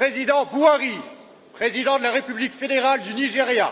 président buhari président de la république fédérale du nigeria